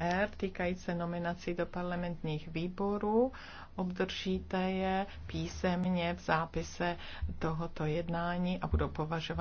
R týkající se nominací do parlamentních výborů. Obdržíte je písemně v zápise tohoto jednání a budou považovány